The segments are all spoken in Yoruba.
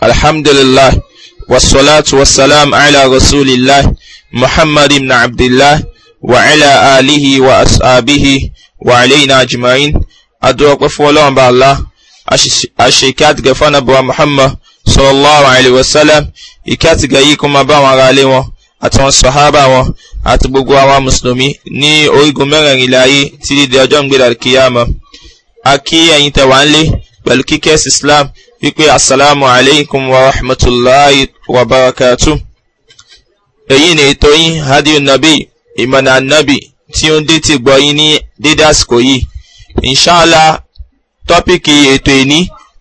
alhamdulillah wasalaatu wasalaam ala rasulillah muhammad ibn abdillah wa ala alihi wa ashabihi wa alayna ajma'in adúrọ̀pẹ́ fún ọlọ́run bá allah aṣèké àtìgẹ̀ fanabuwa muhammad sallallahu alayhi wa sallam ìkẹ́ àtìgẹ̀ yìí kún máa bá wọn ara lé wọn àti wọn sọ̀hábà wọn àti gbogbo àwọn mùsùlùmí ní orígun mẹ́rẹ̀ẹ̀rin ilẹ̀ ayé títí di ọjọ́ ń gbé dàrí kíyàmọ́ a kí ẹ̀yin tẹ̀wá ń lé pẹ̀lú kíkẹ́ sí islam wípé assalamu alaikum wa rahmatullahi wa barakatu èyí ni ètò yín hadiyu nabi ìmọ̀nà nabi tí ó ń détí gbọ́ yín ní dédé àsìkò yìí inṣàlá tọ́pìkì ètò ìní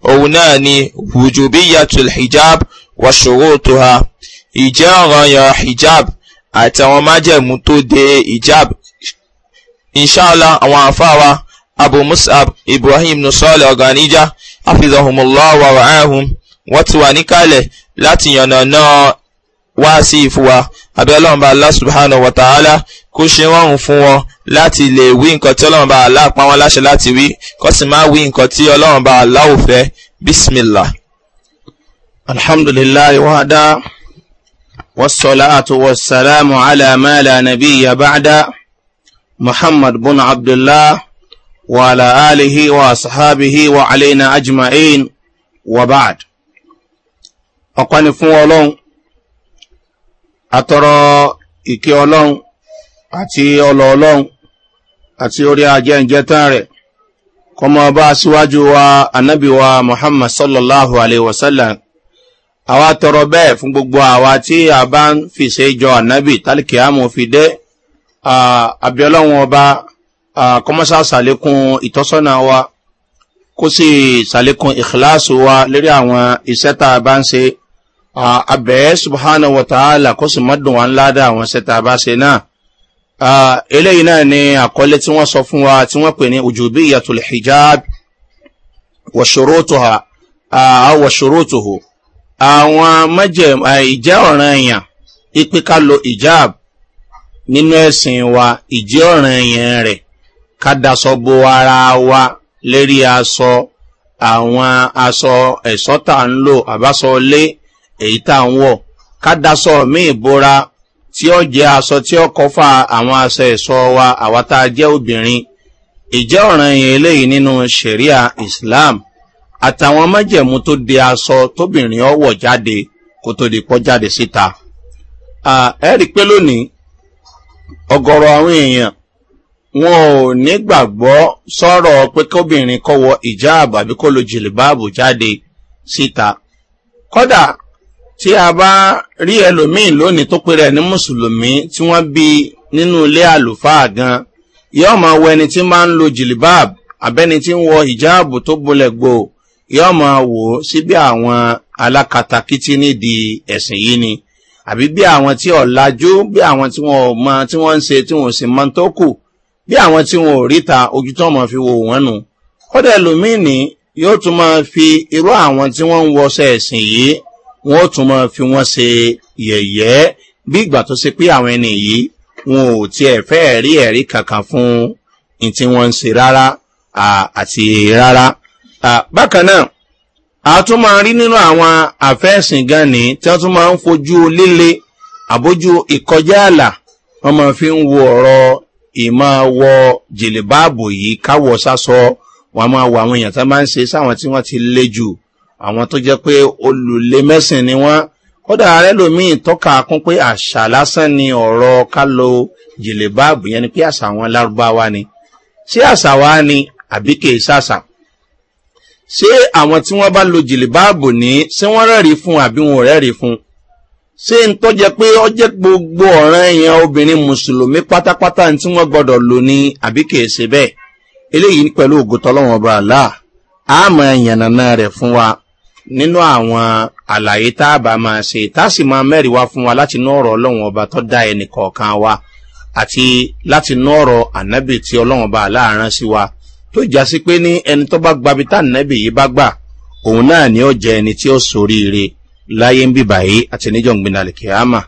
òun náà ni wujubiyatul hijab wa shurutuha ìjẹ́ ọ̀ranyàn hijab àti àwọn májẹ̀mú tó de hijab inṣàlá àwọn àfáà abu musab ibrahim nusọ́ọ̀lẹ̀ ọ̀gànníjà afizahumullah wa ra'ahum wọ́n ti wà níkàlẹ̀ láti yànnàná wá sí ìfúwa abẹ́ ọlọ́mọba Allah subhanahu wa ta'ala kó ṣe rọrùn fún wọn láti lè wí nǹkan tí ọlọ́mọba Allah pa láṣẹ láti wí kó sì má wí nǹkan tí ọlọ́mọba Allah ò fẹ́ bismillah. alhamdulillahi wahda wasalaamu ala ma la nabiyya muhammad bin abdullah. وعلى آله وأصحابه وعلينا أجمعين وبعد أقواني فون أولون أترى إكي أولون أتي أولون أتي أولي أجين جتاري كما با سواجو النبي ومحمد صلى الله عليه وسلم àwa tọrọ bẹ́ẹ̀ fún gbogbo àwa tí a bá ń fi ṣe jọ ànábì tálíkì àmọ́ fi dé kọmọ́sá sàlékún ìtọ́sọ́nà wa kó sì sàlékún ìkìláàsì wa lérí àwọn iṣẹ́ tá a bá ń ṣe abẹ́ subhanahu wa ta'ala kó sì mọ́dún wa ńlá dá àwọn iṣẹ́ tá a bá ṣe náà eléyìí náà ni àkọlé tí wọ́n sọ fún wa tí wọ́n pè ní ojúbí ìyàtọ̀lẹ̀ hijab wọ̀ṣòrótòhò àwọn ìjẹ́ ọ̀ràn èèyàn ipe hijab nínú ẹ̀sìn wa ìjẹ́ ọ̀ràn èèyàn rẹ̀ kádasọ bo ara wa lérí aṣọ àwọn aṣọ ẹ̀ṣọ́ tà ń lò àbáṣọ lé èyí tà ń wọ̀ kádasọ míì bora tí ó jẹ́ aṣọ tí ó kọfà àwọn aṣọ ẹ̀ṣọ́ wa àwa tá a jẹ́ obìnrin ìjẹ́ ọ̀ràn yẹn eléyìí nínú sẹ̀ríà islam àtàwọn májẹ̀mú tó de aṣọ tóbìnrin ọwọ̀ jáde kó tó di pọ́ jáde síta ẹ̀rí pé lónìí ọgọ́rọ̀ àwọn èèyàn wọn ò nígbàgbọ́ sọ̀rọ̀ pé kóbìnrin kọ́ wọ ìjáàbù àbí kó lo jìlìbáàbù jáde síta kódà tí a bá rí ẹlòmíín lónìí tó pèrè ní mùsùlùmí tí wọ́n bí nínú ilé àlùfáà gan yóò máa wọ ẹni tí máa ń lo jìlìbáàbù abẹ́ni tí ń wọ ìjáàbù tó bolẹ̀ gbò yóò máa wò ó sí bí àwọn alákatakítí nídìí ẹ̀sìn yìí ni àbí bí àwọn tí ọ̀làjú bí àwọn tí wọ́n mọ tí wọ́n ń ṣe tí wọ́n sì mọ tó kù bí àwọn tí wọn ò ríta ojú tó mọ̀ fi wo wọ́n nù kódà ẹlòmíìnì yóò tún máa fi irú àwọn tí wọ́n ń wọṣẹ́ ẹ̀sìn yìí wọ́n tún máa fi wọ́n ṣe yẹ̀yẹ́ bí ìgbà tó ṣe pé àwọn ẹni yìí wọn ò tiẹ̀ fẹ́ rí ẹ̀rí kankan fún ní tí wọ́n ń ṣe rárá àti rárá. bákan náà a tún máa rí nínú àwọn àfẹ́sìn gan ni tí wọ́n tún máa ń fojú líle àbójú ìkọjá àlà wọ́n máa fi ń wo ọ̀rọ̀ ìmọ̀ wọ jìlìbáàbò yìí káwọ̀ sásọ wọn máa wọ àwọn èèyàn tó máa ń ṣe sáwọn tí wọ́n ti lé jù àwọn tó jẹ́ pé olùlé mẹ́sìn ni wọ́n kódà ààrẹ lòmíì tọ́ka kún pé àṣà lásán ni ọ̀rọ̀ ká lo jìlìbáàbò yẹn ni pé àṣà àwọn lárúbáwá ni ṣé àṣà wa ni àbí kìí ṣàṣà ṣé àwọn tí wọ́n bá lo jìlìbáàbò ní ṣé wọ́n rẹ́rìí fún àbí wọn ò rẹ́rìí fún un ṣé n tó jẹ pé ọ jẹ gbogbo ọ̀ràn èèyàn obìnrin mùsùlùmí pátápátá tí wọ́n gbọ́dọ̀ lò ní àbí kìí ṣe bẹ́ẹ̀ eléyìí pẹ̀lú ògùtọ́ lọ́wọ́n ọba àlá àmọ́ ìyànnànà rẹ̀ fún wa nínú àwọn àlàyé tá a bá máa ṣe tá a sì máa mẹ́rin wá fún wa láti inú ọ̀rọ̀ ọlọ́wọ́n ọba tó dá ẹnì kọ̀ọ̀kan wa àti láti inú ọ̀rọ̀ ànábì tí ọlọ́wọ́n ọba àlá rán sí wa tó já sí pé ní ẹni tó bá gbabi tá ànábì yìí bá gbà òun náà ni ó jẹ ẹni tí ó soríire láyé ń bíbà yìí àti níjọ́ gbìnà lè kíámà.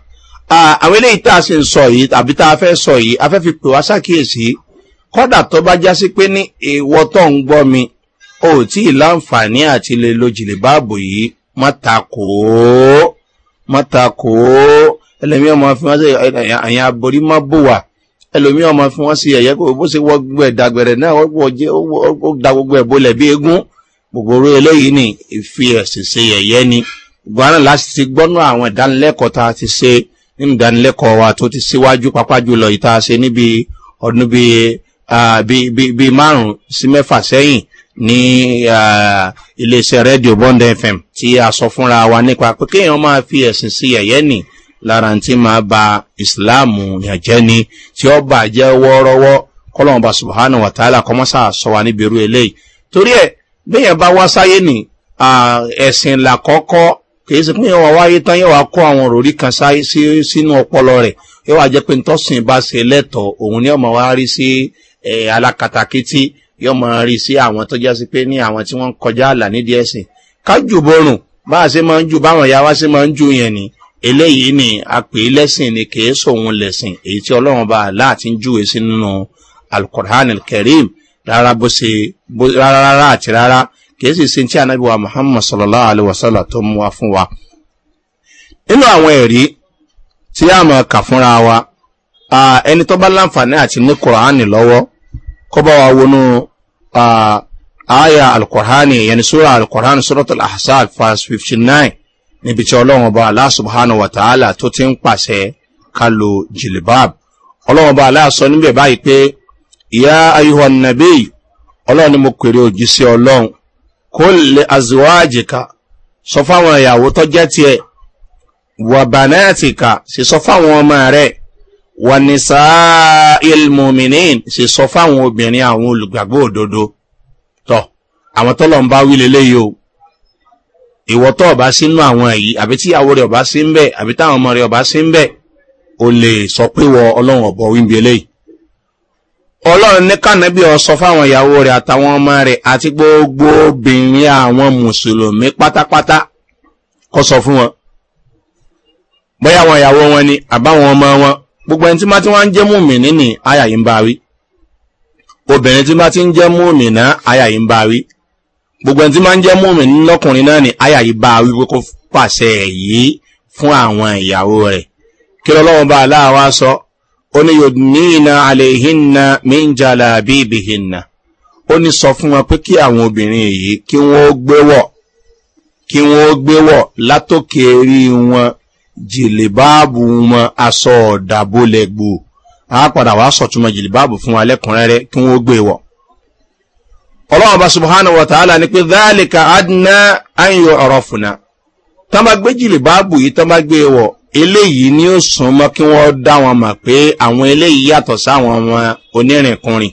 àwọn eléyìí tá a sì ń sọ yìí àbí tá a fẹ́ sọ yìí a fẹ́ fi pè wá sákìyèsí kọ́dà tó bá já sí pé ní ìwọ tó ń gbọ́ mi ò tí ì láǹfààní àti lè lo jìlì báàbò yìí má ta kò ó má ta kò ó ẹlòmíràn máa fi wọ́n sí àyàn aborí má bò wá ẹlòmíràn máa fi wọ́n sí ẹ̀yẹ́ bó ṣe wọ́ gbogbo dàgbẹ̀rẹ̀ náà ó da gbogbo ẹ̀ bolẹ̀ bí eégún gbogbo orí eléyìí ni ìfi ẹ̀sìn ṣe yẹ̀yẹ́ ni gbọ́nà láti ti gbọ́nà àwọn ìdánilẹ́kọ̀ọ́ tá a ti ṣe nínú ìdánilẹ́kọ̀ọ́ wa tó ti síwájú pápájú lọ ìta ṣe níbi ọdún bíi márùn-ún sí mẹ́fà sẹ́yìn ní iléeṣẹ́ rédíò bond fm tí a sọ fúnra wa nípa pé kéèyàn máa fi ẹ̀sìn sí ẹ̀yẹ́ nì lára tí máa ba ìsìláàmù ìyànjẹ́ ni tí ó bàjẹ́ wọ́ọ́rọ́wọ́ kọ́lọ́mù bá subahana wa ta'ala kọ́mọ́sà sọ wa níbi irú eléyìí torí ẹ̀ bẹ́ẹ̀ bá wá sáyé nì ẹ̀sìn làkọ́kọ́ kìí ṣe pé yẹn wà wáyé tán yẹn wà kó àwọn òròrí kan sáyé sínú ọpọlọ rẹ̀ yẹn wà jẹ́ pé ntọ́sìn bá ṣe lẹ́tọ̀ọ́ òun ni ọmọ wa rí sí alákatakítí yóò mọ rí sí àwọn tó jásí pé ní àwọn tí wọ́n kọjá àlà nídìí ẹ̀sìn kájú borùn bá a ṣe máa ń ju báwọn ìyá wa ṣe máa ń ju yẹn ni eléyìí ni a pè é lẹ́sìn ni kìí sòun lẹ̀sìn èyí tí ọlọ́run bá a láti ń júwe sí nínú alukur'an kẹrim rárá bó ṣe rárá àti kìí sì se tí anábì wa muhammad sallallahu alaihi wasallam tó mú wa wa nínú àwọn ẹ̀rí tí a mọ̀ kà fúnra wa ẹni tó bá láǹfààní àti ní wa wọnú àyà alkùránì yẹn sóra alkùránì sọ́rọ̀tọ̀ alhassad verse fifty nine níbi tí ọlọ́run ọba aláṣubhánu wàtàhálà tó ti ń kalu jilibab ni mo kó lè azuwájìká sọ fáwọn ìyàwó tó jẹ́ tiẹ̀ wà bànáàtìká sì sọ fáwọn ọmọ rẹ̀ wà ní sáà ilmùmìnín sì sọ fáwọn obìnrin àwọn olùgbàgbọ́ òdodo tọ́ àwọn tó lọ́n bá wí lélẹ́yìí o ìwọ tó ọba sí nú àwọn èyí àbí tí ìyàwó rẹ̀ ọba sí ń bẹ̀ àbí táwọn ọmọ rẹ̀ ọba sí ń bẹ̀ o lè sọ pé wọ ọlọ́run ọ̀bọ̀ wíńbi eléyìí ọlọ́run ní kànábì ọsọ fáwọn ìyàwó rẹ̀ àtàwọn ọmọ rẹ̀ àti gbogbo obìnrin àwọn mùsùlùmí pátápátá kọ sọ fún wọn bóyá àwọn ìyàwó wọn ni àbáwọn ọmọ wọn gbogbo ẹni tí má ti wá ń jẹ́ múmìnì ní àyà yìí ń bá wí obìnrin tí má ti ń jẹ́ múmìnà àyà yìí ń bá wí gbogbo ẹni tí má ń jẹ́ múmìnì lọ́kùnrin náà ní àyà bá wí pé pàṣẹ yìí fún àwọn ìyàwó rẹ̀ kí lọ́lọ́wọ́n bá aláwa sọ ó ní yodnina alehinna minjala abibihinna ó ní sọ fún wọn pé kí àwọn obìnrin yìí kí wọ́n ó gbéwọ̀ kí wọ́n ó gbéwọ̀ látòkè rí wọn wọn aṣọ a padà wá sọ̀túnmọ̀ jìlìbáàbù fún wa lẹ́kùnrẹ́rẹ́ kí wọ́n ó gbéwọ̀ ọlọ́run bá wa ta'ala ni pé ọ̀rọ̀ tán bá gbé eléyìí ni ó sún mọ́ kí wọ́n dá wọn mọ̀ pé àwọn eléyìí yàtọ̀ sáwọn ọmọ onírìnkùnrin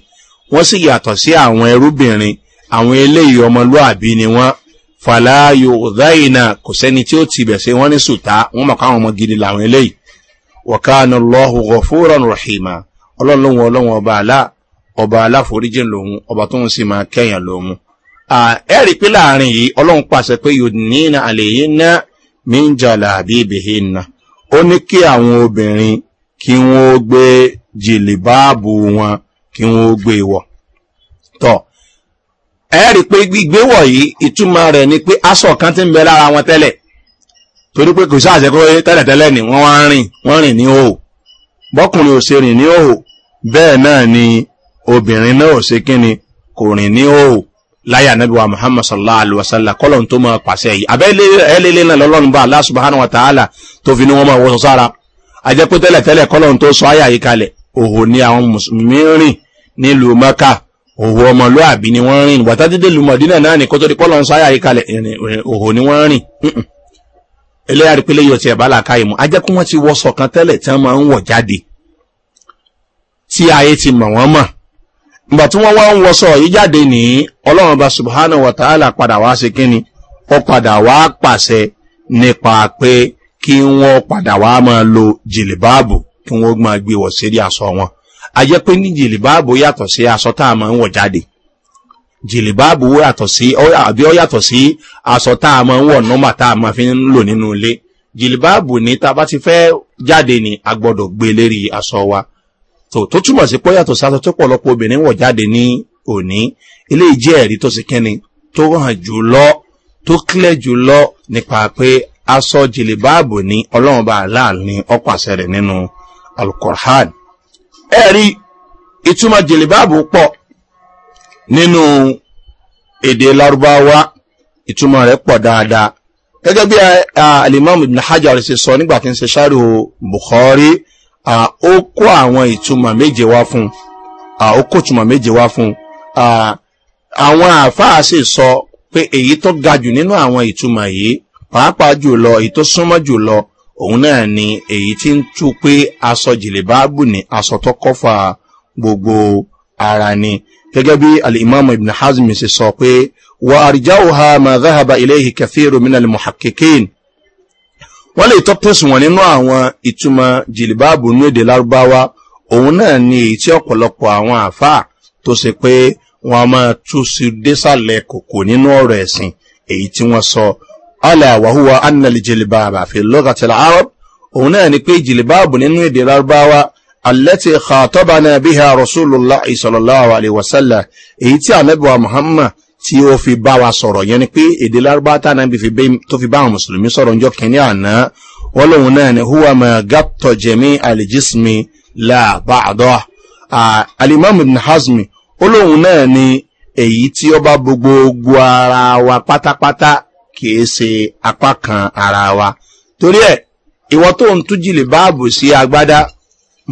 wọ́n sì yàtọ̀ sí àwọn ẹrúbìnrin àwọn eléyìí ọmọlúàbí ni wọ́n fàlàyò ọ̀dáyìnà kò sẹ́ni tí ó ti bẹ̀ sí wọ́n ní sùtá wọ́n mọ̀ káwọn ọmọ gidi làwọn eléyìí wọ̀kánà lọ́hùn gọ̀fúrọ̀ rọ̀hìmà ọlọ́run ọlọ́run ọba àlá ọba aláforíjìn lòun ọba tó ń sì máa kẹ́yàn lòun. pé láàrin yìí ọlọ́run pàṣẹ pé ń jà làbí náà ó ní kí àwọn obìnrin kí wọ́n ó gbé jìlìbáàbù wọn kí wọ́n ó gbé wọ̀ tọ̀ ẹ rí i pé gbígbéwọ̀ yìí ìtumọ̀ rẹ̀ ni pé aṣọ kan ti ń bẹ lára wọn tẹ́lẹ̀ torí pé kò sáà jẹ́ pé tẹ́lẹ̀tẹ́lẹ̀ ni wọ́n wá ń rìn wọ́n rìn ní òhò bọ́kùnrin ò ṣe rìn ní òhò bẹ́ẹ̀ náà ni obìnrin náà ò ṣe kíni kò rìn ní òhò láyà anábìwá muhammad sallallahu alayhi wa sallam kọ́lọ̀ tó máa pàṣẹ yìí abẹ́lẹ́lẹ́ náà lọ́lọ́run bá aláṣọ bahánà wa tààlà tó fi ní wọ́n máa wọ́sọ sára ajẹ́ pé tẹ́lẹ̀tẹ́lẹ̀ kọ́lọ̀ tó sọ àyà yìí kalẹ̀ òhò ni àwọn mùsùlùmí rìn nílùú mẹ́ka òhò ọmọlúàbí ni wọ́n rìn wàtá dídé lu mọ̀dínà náà ní kótó di kọ́lọ̀ sọ àyà yìí kalẹ̀ òhò ni wọ́n rìn eléyàrí pé léyìí ọtí ẹ̀bá làkàyè mu ajẹ́ kí ti wọ́sọ̀ kan tẹ́lẹ̀ tí wọ́n máa ń wọ̀ jáde tí ayé ti mọ̀ wọ́n mọ̀ ìgbà tí wọ́n wá ń wọṣọ yìí jáde ní ọlọ́run bá subhanahu wa ta'ala padà wá ṣe kíni ó padà wá pàṣẹ nípa pé kí wọ́n padà wá máa lo jìlìbáàbù kí wọ́n máa gbé wọ̀ sí aṣọ wọn a jẹ́ pé ní jìlìbáàbù yàtọ̀ sí aṣọ tá a máa ń wọ̀ jáde jìlìbáàbù yàtọ̀ sí àbí ó yàtọ̀ sí aṣọ tá a máa ń wọ̀ nọ́mà tá a máa fi ń lò nínú ilé jìlìbáàbù ní tá bá ti fẹ́ jáde ní agbọ́dọ̀ gbé lérí aṣọ wa so tó túmọ̀ sí pọ́ yàtọ̀ sátọ tó pọ̀lọpọ̀ obìnrin wọ̀ jáde ní òní eléyìí jẹ́ ẹ̀rí tó sì kẹ́ni tó hàn jùlọ tó kílẹ̀ jùlọ nípa pé aṣọ jìlìbáàbò ní ọlọ́run bá láàrin ọ̀pàṣẹ rẹ̀ nínú alukur'an ẹ̀rí ìtumọ̀ jìlìbáàbò pọ̀ nínú èdè larubawa ìtumọ̀ rẹ̀ pọ̀ dáadáa gẹ́gẹ́ bí alimami ibn hajar ṣe sọ nígbà tí ń ṣe ṣáàrò bukhari ó kó àwọn ìtumọ̀ méje wá fún ó kó ìtumọ̀ méje wá fún àwọn àáfàá sì sọ pé èyí tó ga jù nínú àwọn ìtumọ̀ yìí pàápàá jùlọ èyí tó súnmọ́ jùlọ òun náà ni èyí tí ń tú pé aṣọ jìlìbáàbù ni aṣọ tó kọfà gbogbo ara ni gẹ́gẹ́ bí alimami ibn hazmi ṣe sọ pé wà àrìjáwò ha màdáhàbà ilé ìkẹfẹ́ romina lè mọ̀ wọ́n lè tọ́pẹ̀sì wọn nínú àwọn ìtumọ̀ jìlìbáàbù ní èdè lárúbáwá òun náà ni èyí tí ọ̀pọ̀lọpọ̀ àwọn àáfàá tó ṣe pé wọ́n máa tú sí désàlẹ̀ kòkò nínú ọ̀rọ̀ ẹ̀sìn èyí tí wọ́n sọ aláwàhúwa annali jìlìbáàbà fi lọ́gàtìlá arab òun náà ni pé jìlìbáàbù nínú èdè lárúbáwá alẹ́tì xaatọ́bánà bíhà rasulillah isallallahu alayhi wa sallam èyí tí anabiwa muhammad tí ó fi bá wa sọ̀rọ̀ yẹn ni pé èdè lárúbá tánàbí tó fi bá àwọn mùsùlùmí sọ̀rọ̀ ń jọ kẹ́ni àná wọ́n lòun náà ni huwa ma gapto jẹ̀mí alijismi la bàdọ́ alimami ibn hazmi ó lòun náà ni èyí tí ó bá gbogbo ara wa pátápátá kìí ṣe apá kan ara wa torí ẹ ìwọ tó ń tújì lè báàbò sí agbádá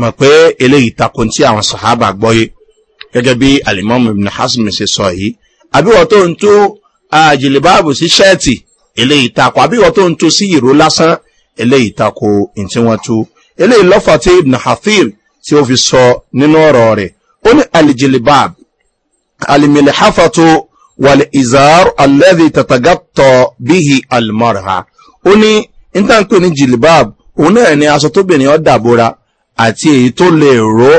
mọ̀ pé eléyìí takò tí àwọn sàhábà gbọ́yé gẹ́gẹ́ bí alimami ibn hazmi ṣe sọ yìí àbíwọ̀ tó ń tú jìlìbáàbù sí ṣẹ́ẹ̀tì eléyìí takò àbíwọ̀ tó ń tú sí ìró lásán eléyìí takò ntí wọ́n tú eléyìí lọ́fà tí ibn hafir tí ó fi sọ nínú ọ̀rọ̀ rẹ̀ ó ní alijìlìbáàbù alimilhafatu wàlẹ̀ ìzàr alẹ́dì tàtàgàtọ̀ bíhi almarha ó ní intanpe ní jìlìbáàbù òun náà ni aṣọ tóbìnrin ọ̀ dàbora àti èyí tó lè ró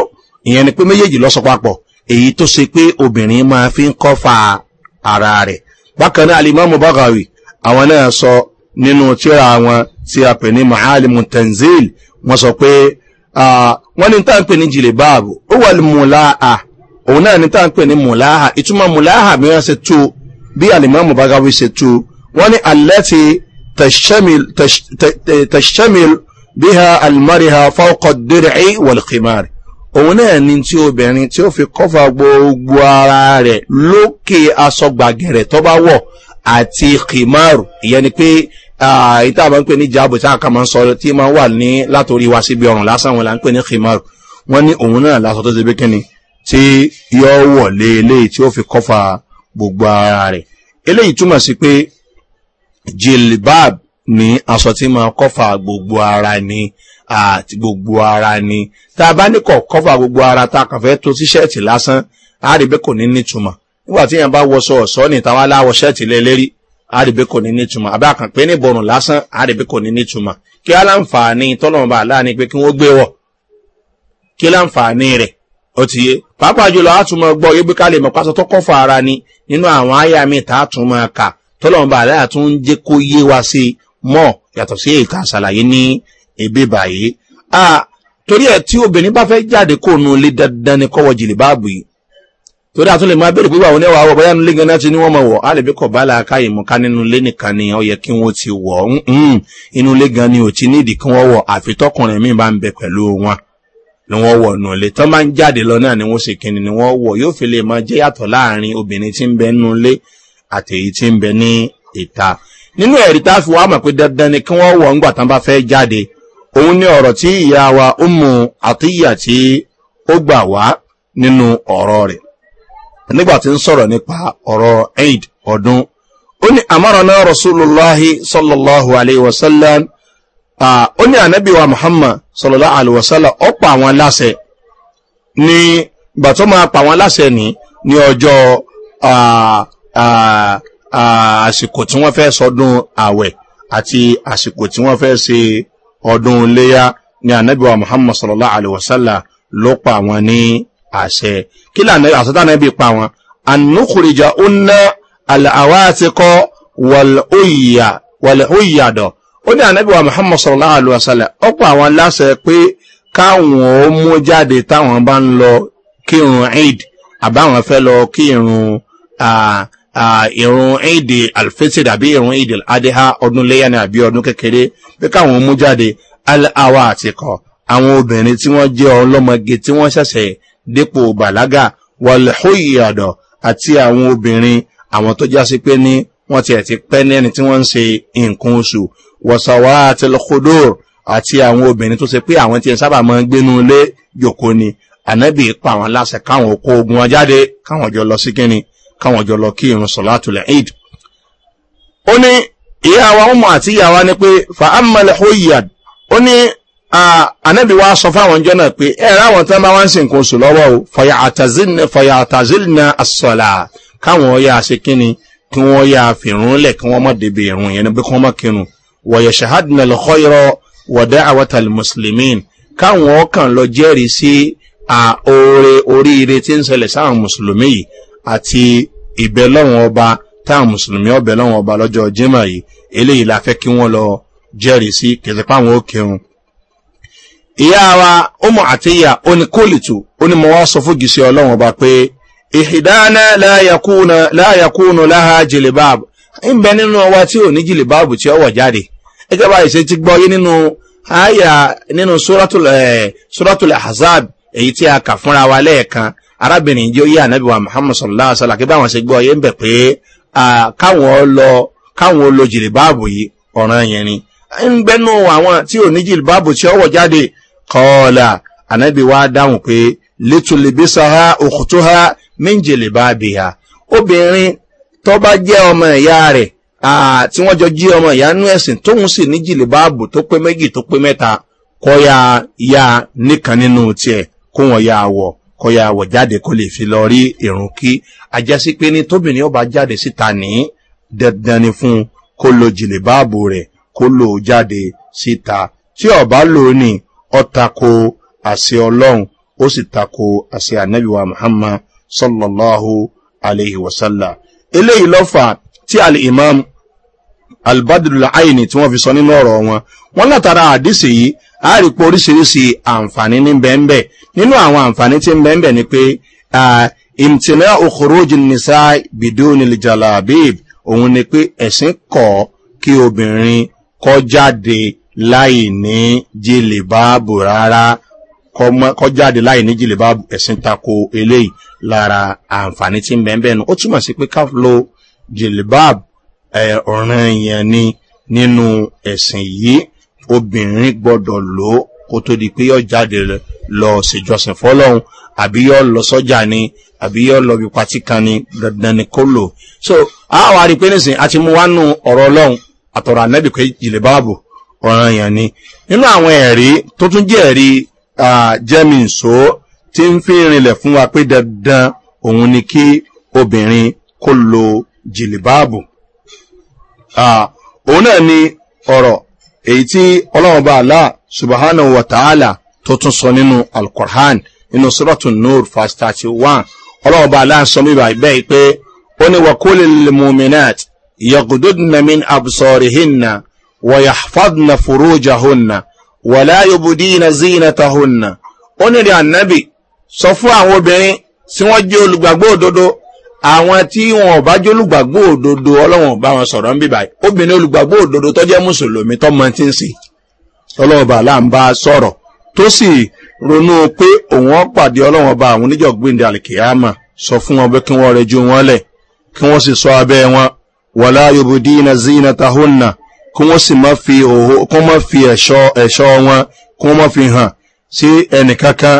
ìyẹn ni pé méjèèjì lọ́sọ papọ̀ èyí tó ṣe pé obìnrin máa fi ń kọ́ fa ara rẹ̀ bákan náà alimami bagawi àwọn náà sọ nínú tíra wọn tí a pè ní mahalimu tanzil wọn sọ pé wọn ní táwọn pè ní jìlìbáàbò ó wà mùláà òun náà ní táwọn pè ní mùláà ìtumọ̀ mùláà mìíràn ṣe tó bí alimami bagawi ṣe tó wọn ní alẹ́ ti tẹ̀sẹ̀mìl bíhà almariha fọ́kọ̀ dírẹ̀ wọ̀lùkìmárì òun náà ni tí obìnrin tí ó fi kọ́fà gbogbo ara rẹ̀ lókè aṣọ gbàgẹ̀rẹ̀ tó bá wọ̀ àti kìmáàrù ìyẹn ni pé ìta àbá ń pè ní jáàbù tí àkàmọ́ ń sọ tí máa ń wà ní látòrí wá síbi ọ̀rùn lásán wọn là ń pè ní kìmáàrù wọn ní òun náà lásọ tó ṣe bí kíni tí yóò wọ̀ lé eléyìí tí ó fi kọ́fà gbogbo ara rẹ̀ eléyìí túmọ̀ sí pé jilbab ní aṣọ tí máa kọ́fà gbogbo ara ni àti gbogbo ara ni tá a bá ní kọ̀ kọ́fà gbogbo ara tá a kàn fẹ́ to sí ṣẹ́ẹ̀tì lásán á rí bẹ́ẹ̀ kò ní nítumọ̀ nígbà tí èèyàn bá wọṣọ ọ̀ṣọ́ ní ìtawá láwọ ṣẹ́ẹ̀tì lélẹ́rí á rí bẹ́ẹ̀ kò ní nítumọ̀ àbá kàn ní ìbọrùn lásán á rí bẹ́ẹ̀ kò ní nítumọ̀ kí á láǹfààní tọ́lọ́mọba aláàní pé kí wọ́n gbé wọ̀ kí láǹfààní rẹ̀ ó ti yé pàápàá jùlọ á tún mọ gbọ́ yé pé ká mọ̀ pásọ ni nínú àwọn àyà mi tá a tún mọ kà tọ́lọ́mọba aláà tún ń jẹ́ kó yé wa sí mọ́ yàtọ̀ sí èyí tá a ṣàlàyé ìbí báyìí a torí ẹ tí obìnrin bá fẹ́ jáde kó nu ilé dandan ni kọ́wọ́ jìlì báàbù yìí torí àtúntò lè máa béèrè pé báwo ni wàá wọ bóyá nulẹ̀ gan náà ti ní wọ́n mọ̀ wọ̀ á lè bí kọ̀ bá la ká ìmú ká nínú ilé nìkan ni ó yẹ kí wọ́n ti wọ̀ inú ilé gan ni ò ti ní ìdí kí wọ́n wọ̀ àfi tọkùnrin mi bá ń bẹ pẹ̀lú wọn ni wọ́n wọ̀ nù ilé tán máa ń jáde lọ náà ni wọ́n ṣe kíni ni wọ́n wọ̀ yóò fi lè máa jẹ́ yàtọ̀ láàrin obìnrin tí ń bẹ nínú ilé àti tí ń bẹ ní ìta nínú ẹ̀rí tá a fi wá mọ̀ pé dandan ni kí wọ́n wọ̀ ńgbà tán bá fẹ́ jáde òun ni ọ̀rọ̀ tí ìyá wa ó mú àtíyà tí ó gbà wá nínú ọ̀rọ̀ rẹ̀ nígbà tí ń sọ̀rọ̀ nípa ọ̀rọ̀ eid ọdún ó ní àmọ́ràn náà rasulillahi sallallahu alayhi wa sallam ó ní ànábì wa muhammad sallallahu alayhi wa sallam ó pa àwọn láṣẹ ní bàtọ́ máa pa àwọn láṣẹ ní ní ọjọ́ àsìkò tí wọ́n fẹ́ sọdún àwẹ̀ àti àsìkò tí wọ́n fẹ́ ṣe. ọdún iléyà ní anábìwá muhammad sallallahu alayhi wa sallam ló pa wọn ní àṣẹ kí lànà àṣetá náà bí pa wọn anukurija una alawatikọ wàlúùyàdọ ó ní anábìwá muhammad sallallahu alayhi wa sallam ó pa àwọn láṣẹ pé káwọn ó mú jáde táwọn bá ń lọ kírun eid àbáwọn fẹ́ lọ kírun ìrùn ah, èdè alfẹ́sẹ̀dì àbí ìrùn èdè adéhà ọdún léyà ní àbí ọdún kékeré pé káwọn mú jáde aláwa àtìkọ àwọn obìnrin tí wọ́n jẹ́ ọlọ́mọge tí wọ́n ṣẹ̀ṣẹ̀ dépò bàlágà wàlẹ́hóyìyàdọ̀ àti àwọn obìnrin àwọn tó jásí pé ní wọ́n tiẹ̀ ti pẹ́ ní ẹni tí wọ́n ń ṣe nǹkan oṣù wọ̀sàwá àti lọ́kọ́dọ̀ àti àwọn obìnrin tó ṣe pé àwọn tí sábà máa ń gbénu ilé jòkó ni ànábì pa àwọn aláṣẹ káwọn kó ogun wọn káwọn jọ lọ sí kínni káwọn jọ lọ kí irun sọ̀látù lẹ́ẹ̀d. ó ní ìyá wa ọmọ àti ìyá wa ni pé fàámàlẹ̀ hóyàd ó ní ànábì wa sọ fáwọn ọjọ́ náà pé ẹ ráwọn tán bá wọn sì ń kó sùn lọ́wọ́ o fàyàtàzìlìnà àsọ̀là káwọn ọ̀yà ṣe kíni kí wọ́n yà fìrún lẹ̀ kí wọ́n má débi ìrún yẹn bí wọ́n má kírun wọ̀yẹ̀ ṣahadìnà lọ́kọ́ irọ́ wọ̀dẹ́ àwọ̀tàlì mùsùlùmíìn káwọn ọkàn lọ jẹ́rìí sí oore oríire tí ń ṣẹlẹ̀ sáwọn mùsùlùmí yìí àti ibe lọ́wọ́n ọba táwọn mùsùlùmí ọbẹ̀ lọ́wọ́n ọba lọ́jọ́ jimá yìí eléyìí la kí wọ́n lọ jẹ́rìí sí kẹsẹ̀ páwọn ó ìyá wa ọmọ àtẹyà ó wá sọ fún gìsì ọlọ́wọ́n ọba pé ìhìdáná láyàkúnú láha jìlìbáàbù nínú ọwa tí ò ní tí jáde ẹgbẹ́ báyìí ṣe ti gbọ́ yé nínú nínú sóràtúlẹ̀ eh, èyí tí a wa lẹ́ẹ̀kan arábìnrin jẹ́ oyé ànábì wa muhammad sallallahu alayhi wa sallam kí báwọn ṣe gbọ́ ọ yé ń bẹ̀ pé káwọn lọ káwọn lo jìlìbáàbù yìí ọ̀ràn yẹn ni ń gbẹ́nu àwọn tí ò ní jìlìbáàbù tí ọwọ́ jáde kọ́ọ̀là ànábì wa dáhùn pé létúlébísà ha òkútó ha méjìlìbáàbì ha obìnrin tó bá jẹ́ ọmọ ìyá rẹ̀ tí wọ́n jọ jí ọmọ ìyá nú ẹ̀sìn tóun sì ní jìlìbáàbù tó pé méjì tó pé mẹ́ta kọ́ ya ya nìkan nínú tiẹ̀ kó wọ́n ya wọ̀ kọyà àwọ̀ jáde kó lè fi lọ rí irun kí ajásí pé ní tóbìnrin ọba jáde síta ní dandan ni fún kó lo jìlè báàbò rẹ̀ kó lò ó jáde síta tí ọba lò ó ní ọ̀tako àṣẹ ọlọ́run ó sì tako àṣẹ ànábìwá muhammad sallallahu alayhi wa sallam eléyìí lọ́fà tí alì imam albadrul aini tí wọ́n fi sọ nínú ọ̀rọ̀ wọn wọ́n látara àdísì yìí a rí pé oríṣiríṣi àǹfààní ní bẹ́ẹ̀nbẹ́ nínú àwọn àǹfààní tí ń bẹ́ẹ̀nbẹ́ ni pé ìmtìlẹ̀ òkòròjì nìṣá bìdónìlì jalabib òun ni pé ẹ̀sìn kọ̀ kí obìnrin kọ́ jáde láì ní jìlìbáàbù rárá kọ́ jáde láì ní jìlìbáàbù ẹ̀sìn tako eléyìí lára àǹfààní tí ń bẹ́ẹ̀nbẹ́ nu ó túmọ̀ sí pé ká lo jìlìbáàbù ọ̀ràn èèyàn ni nínú ẹ̀sìn yìí obìnrin gbọ́dọ̀ lò ó kó tó di pé yọ jáde lọ ṣèjọsìn fọlọ́hún àbí yọ lọ sọ́jà ni àbí yọ lọ bí patí kan ni dandan ni kó lò so àwọn àrípé nísìnyí àti mú wánú ọ̀rọ̀ ọlọ́run àtọ̀rọ̀ ànẹ́bì pé ìlẹ̀ báàbò ọ̀ràn èèyàn ni nínú àwọn ẹ̀rí tó tún jẹ́ ẹ̀rí jẹ́mi ìṣó tí ń fi rinlẹ̀ fún wa pé dandan òun ni kí obìnrin kó lo jìlìbáàbò òun náà ni ọ̀rọ̀ èyí tí ọlọ́run bá àlá subahana wa ta'ala tó tún sọ nínú alukur'an nínú sọ́rọ̀tù nur verse thirty one ọlọ́run bá àlá sọ bíbá bẹ́ẹ̀ pé ó ní wakúlì muminat yagududna min absorihinna wàyàfadna furujahunna wàláyọ̀bùdínà zínatahunna ó ní rí ànábì sọ fún àwọn obìnrin tí wọ́n jẹ́ olùgbàgbọ́ òdodo àwọn tí wọn ò bá jẹ́ olùgbàgbọ́ òdodo ọlọ́wọ̀n ò bá wọn sọ̀rọ̀ ń bíbáyìí obìnrin olùgbàgbọ́ òdodo tó jẹ́ mùsùlùmí tó mọ ti ń sìn ọlọ́ọ̀bà là bá sọ̀rọ̀ tó sì ronú pé òun pàdé ọlọ́wọ̀n sọ fún wọn pé kí wọ́n wọn lẹ̀ kí wọ́n sì sọ abẹ́ wọn wàlá zina tahunna kí wọ́n sì wọn kí wọ́n má fi hàn sí ẹnìkankan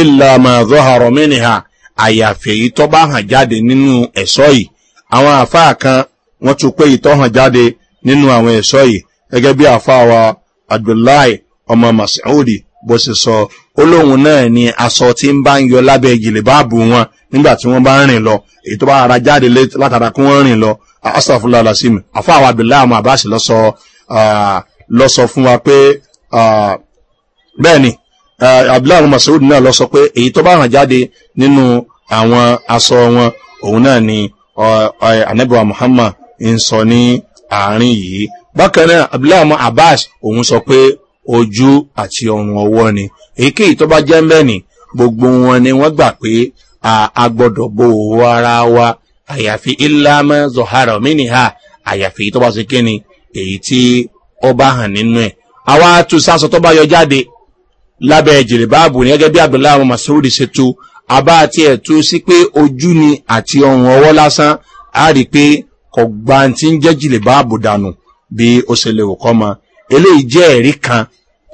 ìlàmà zọ́hàrọ̀ mìíràn àyàfi èyí tó bá hàn jáde nínú ẹ̀sọ́ yìí àwọn àfáà kan wọ́n tún pé ìtọ́ hàn jáde nínú àwọn ẹ̀sọ́ yìí gẹ́gẹ́ bí àfáà wa abdullahi ọmọ sọ olóhùn náà ni aṣọ tí ń bá ń yọ lábẹ́ gèlè wọn nígbà tí wọ́n bá ń rìn lọ èyí tó bá ara jáde látara kí wọ́n rìn lọ asàfúnlá lásìmù àfáà wa abdullahi ọmọ ah, fún wa pé ah, bẹ́ẹ̀ ni Ah, abdullahi abu masoud náà lọ sọ pé èyí tó bá hàn jáde nínú àwọn aṣọ wọn òun náà ni anabiwa ah, eh, muhammad ń sọ ní àárín yìí bákan náà abdullahi abu abbas òun sọ pé ojú àti ọrùn ọwọ́ ni èyíkéyìí tó bá jẹ́ mbẹ́ ni gbogbo wọn ni wọ́n gbà pé a gbọ́dọ̀ bo òwò ara wa àyàfi ìlàmọ́ zohara mínìhà àyàfi tó bá ṣe kíni èyí tí ó bá hàn nínú ẹ̀ àwa tún sásọ tó bá yọ jáde lábẹ́ jìrìbáàbù ní gẹ́gẹ́ bí abdullahi àwọn masoudi ṣe tu àbá àti ẹ̀tú sí pé ojú ni àti ọrùn ọwọ́ lásán á rí i pé kò gba ti ń jẹ́ jìrìbáàbù dànù bí ó ṣe lè kọ́ ma eléyìí jẹ́ ẹ̀rí kan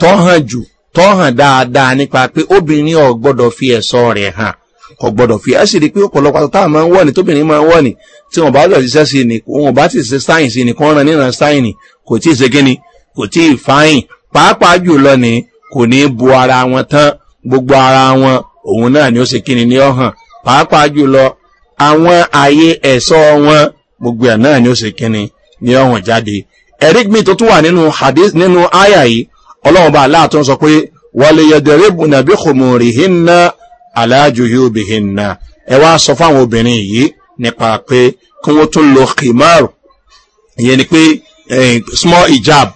tó hàn jù tó hàn dáadáa nípa pé obìnrin ọ̀ gbọ́dọ̀ fi ẹ̀sọ́ rẹ̀ hàn kò gbọ́dọ̀ fi ẹ́ sì rí i pé ọ̀pọ̀lọpọ̀ àti táwọn máa ń wọ̀ ní tóbìnrin máa ń wọ̀ ní tí wọ́n bá lọ ṣiṣẹ́ sí ni wọ́n bá ti ṣe sáyìn sí ni kò ń ran níran sáyìn ni kò tí ì ṣe kíni kò tí ì fáyìn pàápàá jù lọ ní kò ní bu ara wọn tán gbogbo ara wọn òun náà ni ó ṣe kíni ní ọ̀hàn pàápàá jùlọ àwọn ààyè ẹ̀ṣọ́ wọn gbogbo ẹ̀ náà ni ó ṣe kíni ní ọ̀hàn jáde eric mi tó tún wà nínú hadith nínú aya yìí ọlọ́run bá aláàtún sọ pé wọlé yẹdẹrẹ bùnàbí kòmòrì hinna aláàjò yóò bì hinna ẹ wá sọ fáwọn obìnrin yìí nípa pé kí wọ́n tún lo khimar ìyẹn ni pé eh, small hijab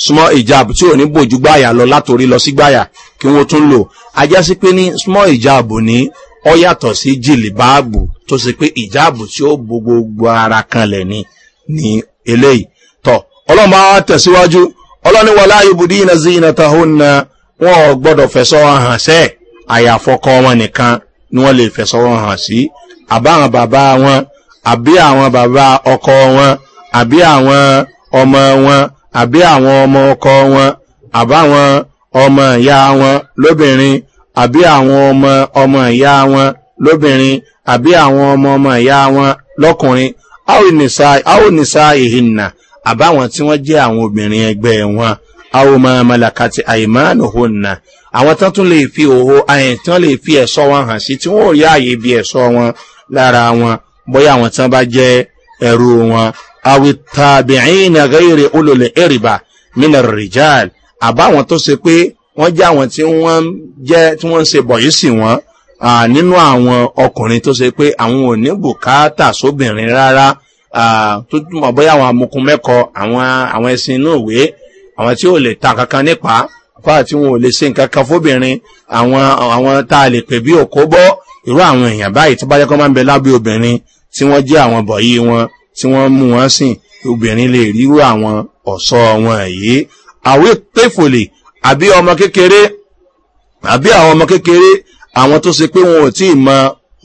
small hijab tí ò ní bòjú gbáyà lọ látòrí lọ sí gbáyà kí wọ́n tún lò ajá sí pé ní small hijab ní ọ yàtọ̀ sí jìlìbáàbù tó ṣe pé hijab tí ó bo gbogbo ara kanlẹ̀ ni ní eléyìí tọ́ ọlọ́mọ á tẹ̀síwájú ọlọ́ni wọlé ayébùdí iná sí iná tahó na wọn ò gbọ́dọ̀ fẹ̀sọ́ hàn sẹ́ àyàfọkọ wọn nìkan ni wọ́n lè fẹ̀sọ́ hàn sí àbáwọn bàbá wọn àbí àwọn bàbá ọkọ wọn àbí àwọn ọmọ wọn àbí àwọn ọmọ ọkọ wọn àbáwọn ọmọ ìyá wọn lóbìnrin àbí àwọn ọmọ ọmọ ìyá wọn lóbìnrin àbí àwọn ọmọ ọmọ ìyá wọn lọkùnrin áwòníṣà ìhìnà àbáwọn tí wọ́n jẹ́ àwọn obìnrin ẹgbẹ́ wọn àwòmọ malakati àìmánu hona àwọn tán tún lè fi òhò àyìn tán lè fi ẹ̀sọ́ wọn hàn sí tí wọ́n ò rí àyè bí ẹ̀sọ́ wọn lára wọn bóyá àwọn tán bá jẹ́ ẹrú wọn àwì tàbíìn àgẹ́rẹ́ olólè ẹ̀rìbà mina rìjáàl àbáwọn tó ṣe pé wọ́n jẹ́ àwọn tí wọ́n jẹ́ tí wọ́n ń ṣe bọ̀yì sí wọn nínú àwọn ọkùnrin tó ṣe pé àwọn ò ní bùkátà sóbìnrin rárá tó túmọ̀ bóyá àwọn amukun mẹ́kọ àwọn àwọn ẹṣin inú òwe àwọn tí ò lè ta kankan nípa fáà tí wọn ò lè ṣe nǹkan kan fóbìnrin àwọn tá a lè pè bí òkó bọ́ irú àwọn èèyàn báyìí tó bá jẹ́ kó máa ń bẹ lábẹ́ obìnrin tí wọ́n jẹ́ àwọn bọ̀yì wọn tí wọ́n mú wọn sìn obìnrin lè ríru àwọn ọ̀ṣọ́ wọn yìí àwé péfòlè àbí ọmọ kékeré àbí àwọn ọmọ kékeré àwọn tó ṣe pé wọn ò tí ì mọ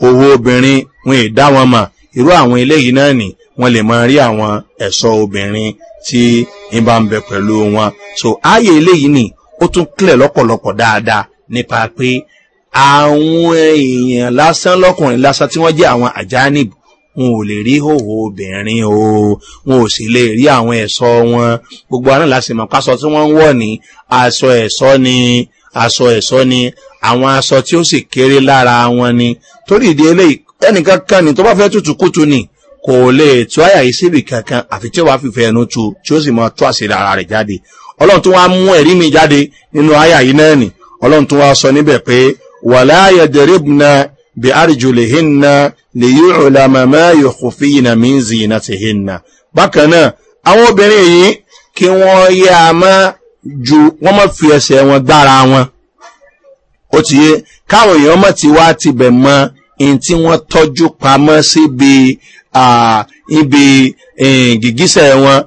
owó obìnrin wọn ì dá wọn mọ̀ irú àwọn eléyìí náà nì wọn lè máa rí àwọn ẹ̀ṣọ́ obìnrin tí ń bá ń bẹ pẹ̀lú wọn so ààyè eléyìí nì ó tún kílẹ̀ lọ́pọ̀lọpọ̀ dáadáa nípa pé àwọn èèyàn lásán lọ́kùnrin lásán tí wọ́n jẹ́ àwọn àjánib wọn ò lè rí hòhò obìnrin o wọn ò sì lè rí àwọn ẹ̀ṣọ́ wọn gbogbo àná láti mọ̀ pásọ tí wọ́n ń wọ̀ ní aṣọ ẹ̀ṣọ́ ni aṣọ ẹ̀ṣọ́ ni àwọn aṣọ tí ó sì kéré lára wọn ni torí ìdí eléyìí ẹnìkan kan ni tó bá fẹ́ tutù kùtù ni kò lè tú àyà yìí síbi kankan àfi tí ó wàá fìfẹ́ ẹnu tu tí ó sì mọ tú àṣírí ara rẹ̀ jáde ọlọ́run tó wá mú ẹ̀rí mi jáde nínú àyà yìí náà nì ọlọ́run tó wá sọ níbẹ̀ pé wàlẹ́ àyẹ̀dẹ̀rẹ́bùnà bí àrìjòlè hinna lè yí ọ̀làmà mẹ́yọ̀ kò fi yìnà mìíǹzì yìnà ti hinna. bákan náà àwọn obìnrin yìí kí wọ́n yẹ a máa ju wọ́n mọ̀ fi ẹsẹ̀ wọn gbára wọn. ó ti yé káwọn èèyàn mọ̀ ti wá tibẹ̀ mọ ẹni tí wọ́n tọ́jú pamọ́ síbi ibi gìgísẹ̀ wọn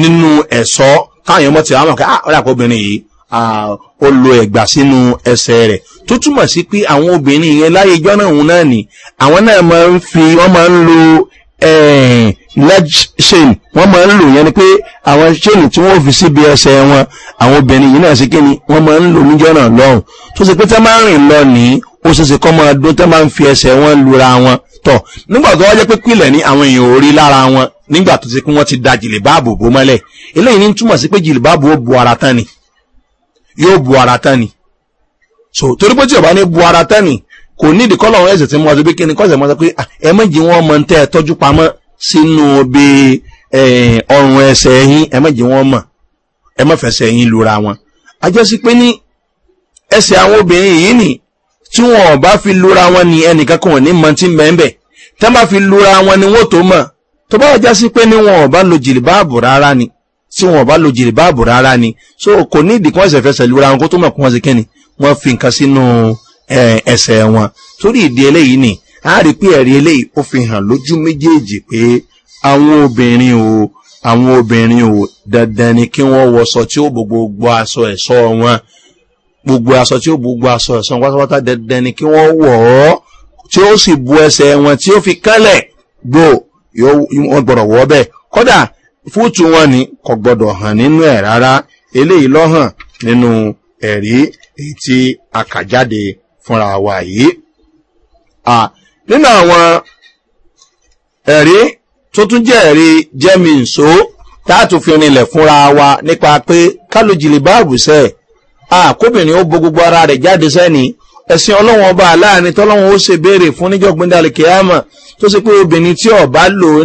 nínú ẹ̀sọ́ káwọn èèyàn mọ̀ ti wá mọ̀ ká ọ̀dà kó obìnrin yìí ó lo ẹ̀gbà sínú ẹsẹ̀ rẹ̀ tó túmọ̀ sí pé àwọn obìnrin yẹn láyé ijọ́ náà òun náà nì àwọn náà máa ń fi wọ́n máa ń lo eh, large chain wọ́n máa ń lò yẹn ni pé àwọn chain tí wọ́n fi síbi ẹsẹ̀ wọn àwọn obìnrin yìí náà sí kí ni wọ́n máa ń lò níjọ́ náà lọ́hùn tó ṣe pé tẹ́ máa ń rìn lọ ní ó ṣe ṣe kọ́ máa dún tẹ́ máa ń fi ẹsẹ̀ wọn lura wọn tọ̀ nígbà tó wá pé pìlẹ̀ ní àwọn èèyàn ò rí lára wọn nígbà tó ṣe pé wọ́n ti da jìlìbáàbò bó mọ́lẹ̀ eléyìí ní túmọ̀ sí pé jìlìbáàbò ó bu ara tán ni yóò bu ara tán ni so torí pé tí ọba ní bu ara tẹ́nì kò ní ìdíkọ́ lọ́wọ́ ẹ̀sẹ̀ tí mo ti bí kíni kọ́sẹ̀ mo sọ pé ah, ẹ méjì wọn mọ tẹ́ ẹ tọ́jú pamọ́ sínú bí ọrùn ẹsẹ̀ yín ẹ méjì wọn mọ̀ ẹ má fẹsẹ̀ yín lura wọn. ajẹ́sí pé ní ẹsẹ̀ àwọn obìnrin yìí nì tí wọn bá fi lura wọn ni ẹnìkan kan ní mọ tí ń bẹ́ẹ̀ tẹ́ bá fi lura wọn ni wọ́n tó mọ̀ tó bá jásí pé ní wọn bá lo jìlìbáàbù rárá ni tí wọn bá lo jìlìbáàbù rárá ni so kò ní ìdí kan fẹsẹ̀ lura wọn kó tó mọ̀ kó wọn ṣe kíni wọ́n fi nǹkan sínú ẹsẹ̀ wọn torí ìdí eléyìí ni a rí pé ẹ̀rí eléyìí ó fi hàn lójú méjèèjì pé àwọn obìnrin o àwọn obìnrin o dandan ni kí wọ́n wọṣọ tí ó gbogbo aṣọ ẹ̀ṣọ́ wọn gbogbo aṣọ tí ó gbogbo aṣọ ẹ̀ṣọ́ wọn pátápátá dandan ni kí wọ́n wọ̀ ọ́ tí ó sì bu ẹsẹ̀ wọn tí ó fi kálẹ̀ gbò wọ́n gbọ́dọ̀ wọ́ bẹ́ẹ̀ kódà fúùtù wọn ni kò gbọ́dọ̀ hàn nínú ẹ̀ rárá eléyìí lọ́hàn nínú ẹ̀rí èyí tí a kà jáde fúnra wa yìí. nínú àwọn ẹ̀rí tó tún jẹ́ ẹ̀rí jẹ́mi ìṣó táàtù fi rinlẹ̀ fúnra wa nípa pé kálójìlì báàbù sẹ́ ẹ̀ kóbìnrin ó bo gbogbo ara rẹ̀ jáde sẹ́ni ẹ̀sìn ọlọ́wọ́n ọba aláàrin tọ́lọ́wọ́n ó ṣe béèrè fún níjọ́gbìndàlẹ̀ kìámà tó ṣe pé obìnrin tí ọ̀bá lò ó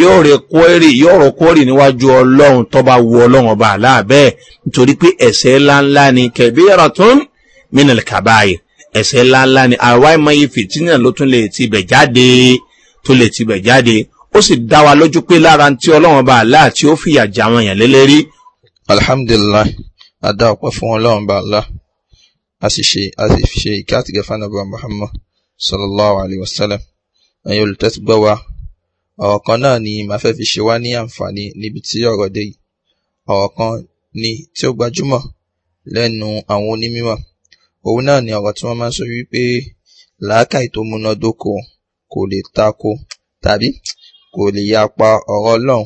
yóò rẹ kọ́rì yóò rọ kọ́rì níwájú ọlọ́run tọ́ba wu ọlọ́run ọba àláàbẹ̀ nítorí pé ẹ̀sẹ̀ ńláńlá ni kẹ̀bí ẹ̀rọ tó ń mìnàlẹ̀ kàbáyé ẹ̀sẹ̀ ńláńlá ni àwa ìmọ̀ye fìtínà ló tún lè tibẹ̀ jáde tó lè tibẹ̀ jáde ó sì dá wa lójú pé lára ti ọlọ́run ọba àlá tí ó fìyà já wọn yàn lélẹ́rí. alhamdulilayi adá ọ̀pọ̀ fún ọlọ́run ọba àlá a sì ṣe a sì ṣe ìkàtìgẹ́fà náà bá muhammad sallallahu alayhi wa sallam ẹ̀yin olùtẹ́sígbọ́ wa ọ̀rọ̀ kan náà ni màá fẹ́ fi ṣe wá ní àǹfààní níbi tí ọ̀rọ̀ dé yìí ọ̀rọ̀ kan ni tí ó gbajúmọ̀ lẹ́nu àwọn onímọ̀ òun náà ni ọ̀rọ̀ tí wọ́n máa ń sọ wípé làákàì tó múnádóko kò lè tako tàbí kò lè yapa ọ̀rọ̀ ọlọ́run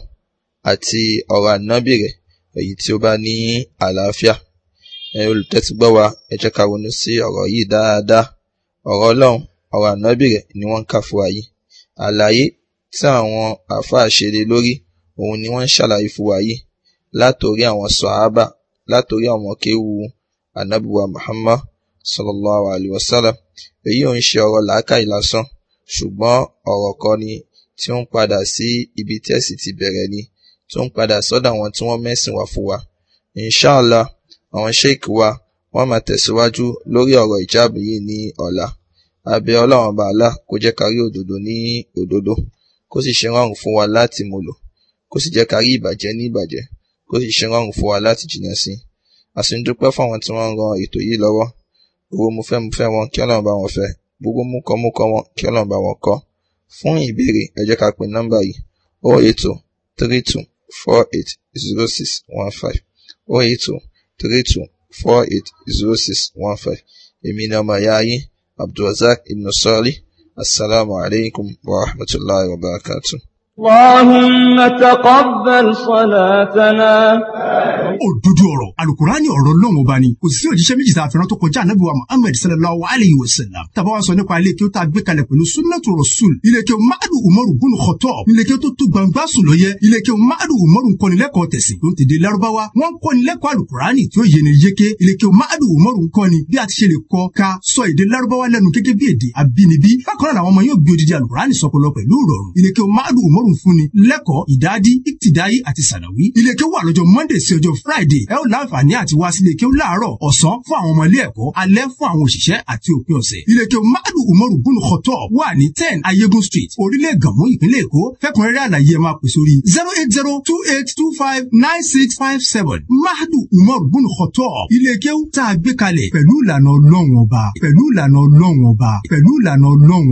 àti ọ̀rọ̀ ànábì rẹ̀ èyí tí ó bá ní àlàáfíà olùtẹ́tígbọ́ wa ẹ jẹ́ ká ronú sí ọ̀rọ̀ yìí dáadáa ọ̀rọ̀ ọlọ́run ọ̀rọ̀ ànábì rẹ̀ ni wọ́n ń kà fún wa yìí àlàyé tí àwọn àfáà ṣe lé lórí òun ni wọ́n ń ṣàlàyé fún wa yìí látòrí àwọn sọ̀hábà látòrí àwọn kéwu anabiwa muhammad sallallahu alayhi wa sallam èyí ò ń ṣe ọ̀rọ̀ làákàyè lásán ṣùgbọ́n ọ̀rọ̀ kan ni tí ó ń padà sí ibi tẹ́sì ti bẹ̀rẹ̀ ni tó ń padà sọ́dọ̀ àwọn tí wọ́n mẹ́sìn wá fún wa inshàlá àwọn sheik wa wọ́n máa tẹ̀síwájú lórí ọ̀rọ̀ ìjáàbù yìí ní ọ̀la abẹ́ ọlọ́run bàálà kó jẹ́ kárí òdodo ní òdodo kó sì ṣe rọrùn fún wa láti mú lò kó sì jẹ́ ká rí ìbàjẹ́ ní ìbàjẹ́ kó sì ṣe rọrùn fún wa láti jìnnà sí i a sì ń dúpẹ́ fún àwọn tí wọ́n ń ran ètò yìí lọ́wọ́ owó mo fẹ́ mo fẹ́ wọn kí ọlọ́run bá wọn fẹ́ gbogbo mú kọ́ mú kọ́ wọn kí ọlọ́run bá wọn kọ́ fún ìbéèrè ẹ jẹ́ ká pe nọ́mbà yìí o oh eight two oh three two four eight zero six one five o oh eight two three two four eight zero six one five èmi ni ọmọ ìyá yín abdulrasaq ibn sọ́ọ́lì السلام عليكم ورحمة الله وبركاته اللهم تقبل صلاتنا òdodo ọ̀rọ̀ alukurani ọ̀rọ̀ lóhùn ọba ni kò sí òjíṣẹ́ méjì tá a fẹ́ràn tó kọjá anabi wa muhammed sallallahu alayhi wa sallam tàbá wa sọ nípa ilé kí ó tá gbé kalẹ̀ pẹ̀lú sunnatu rasul ilé kí o madu umaru gun kọtọ ilé kí o tó tó gbangba sùn lọ yẹ ilé kí o madu umaru nkọnilẹ́kọ̀ọ́ tẹ̀sìn tó ń tẹ̀dé larubawa wọn nkọnilẹ́kọ̀ọ́ alukurani tí ó yẹ ni yeke ilé kí o madu umaru nkọni bí a ti ṣe lè kọ ka sọ èdè larubawa lẹ́nu gẹ́gẹ́ bí èdè abínibí bákan náà làwọn yóò gbé odidi alukurani sọpọlọ pẹ̀lú ìrọ̀rùn ilé kí o madu umaru fúnni lẹ́kọ̀ọ́ ìdádi ìtìdáyé àti sànàwí ilé kí o wà lọ́jọ́ monday sí ọjọ́ friday ẹ ó láǹfààní àti wá sílé kí ó láàárọ̀ ọ̀sán fún àwọn ọmọ ilé ẹ̀kọ́ alẹ́ fún àwọn òṣìṣẹ́ àti òpin ọ̀sẹ̀ ìlẹkẹ madu umaru bunu kọtọ wà ní ten ayégun street orílẹ̀ gànmú ìpínlẹ̀ èkó fẹ́kùnrẹ́rẹ́ àlàyé ẹ máa pè sórí zero eight zero two eight two five nine six five seven madu umaru bunu kọtọ ìlẹkẹ tá a gbé kalẹ̀ pẹ̀lú ìlànà ọlọ́run ọba pẹ̀lú ìlànà ọlọ́run ọba pẹ̀lú ìlànà ọlọ́run